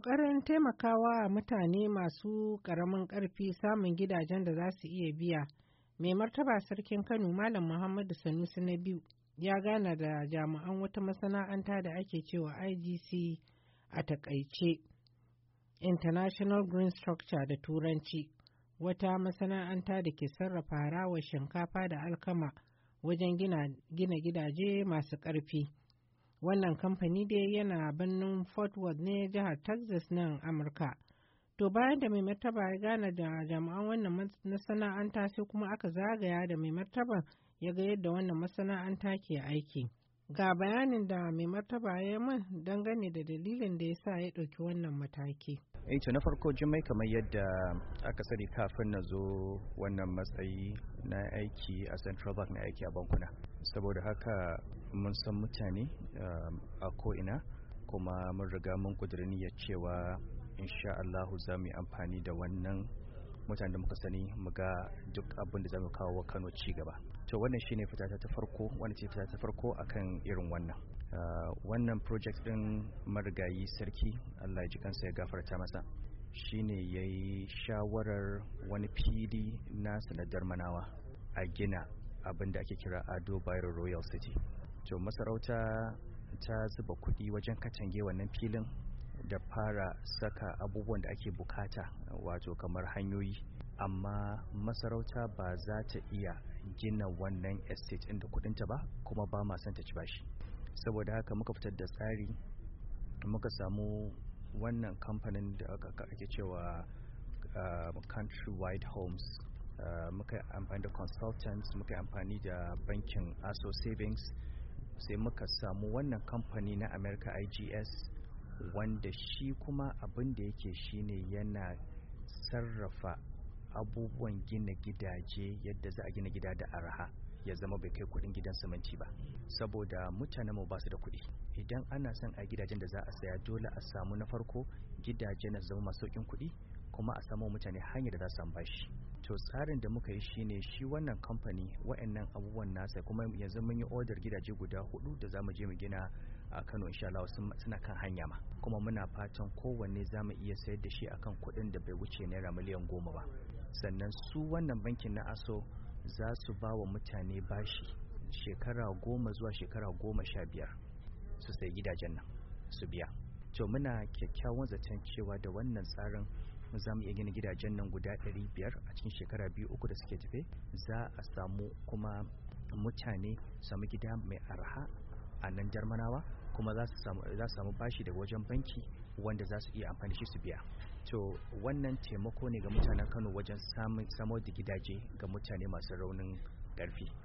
ƙoƙarin taimakawa mutane masu ƙaramin ƙarfi samun gidajen da za su iya biya, mai martaba sarkin Kano Malam Muhammadu Sanusi na biyu ya gana da jami'an wata masana'anta da ake cewa IGC a takaice International Green Structure da Turanci, wata masana'anta da ke sarrafa harawar shinkafa da alkama wajen gina gidaje masu ƙarfi. Wannan kamfani dai yana birnin Fort Worth ne jihar Texas nan Amurka. To bayan da mai martaba ya gane da jami'an wannan masana'anta sai kuma aka zagaya da mai martaban ya ga yadda wannan masana'anta ke aiki. Ga bayanin da mai martaba ya min dangane da dalilin da ya sa ya ɗauki wannan mataki. Eh to na farko jimai kamar yadda aka sani kafin na zo wannan matsayi na aiki a Central Bank na aiki a bankuna. Saboda haka mun san mutane um, a ko'ina kuma mun riga mun ƙudurin cewa insha Allahu za mu yi amfani da wannan mutane da muka sani mu ga duk abin da zamu kawo Kano ci gaba to wannan shine fitata ta farko wannan ce fitata ta farko akan irin wannan ah, wannan project din marigayi sarki Allah ya ji kansa ya gafarta masa shine yayi shawarar wani fili na sanadar manawa a gina abin da ake kira Ado Bayero Royal City to masarauta ta zuba kuɗi wajen katange wannan filin da fara saka abubuwan da ake bukata wato kamar hanyoyi amma masarauta ba za ta iya gina wannan estate inda kudinta ba kuma ba ma son ta ci bashi saboda haka muka fitar da tsari muka samu wannan kamfanin da ake cewa um, countrywide homes uh, muka amfani da consultants muka amfani da bankin aso savings sai muka samu wannan kamfani na america igs wanda shi kuma abin da yake ne yana sarrafa abubuwan gina gidaje yadda za a gina gida da araha ya zama bai kai kudin gidan siminti ba saboda mutanenmu ba su da kudi idan ana son a gidajen da za a saya dole a samu na farko gidaje na zama masu kudi kuma a samu mutane hanyar da za su bashi to tsarin da muka yi shine shi wannan kamfani wa'annan abubuwan nasa kuma yanzu mun yi order gidaje guda hudu da zamu je mu gina a Kano insha Allah suna kan hanya ma kuma muna fatan kowanne zamu iya sayar da shi akan kuɗin da bai wuce naira miliyan goma ba sannan su wannan bankin na aso za su ba wa mutane bashi shekara goma zuwa shekara goma sha biyar su sai gidajen nan su biya to muna kyakkyawan zaton cewa da wannan tsarin za mu iya gina gidajen nan guda ɗari biyar a cikin shekara biyu uku da suke tafe za a samu kuma mutane samu gida mai arha a nan jarmanawa kuma za su samu bashi daga wajen banki wanda za su iya amfani shi su biya to wannan taimako ne ga mutanen kano wajen samar da gidaje ga mutane masu raunin ƙarfi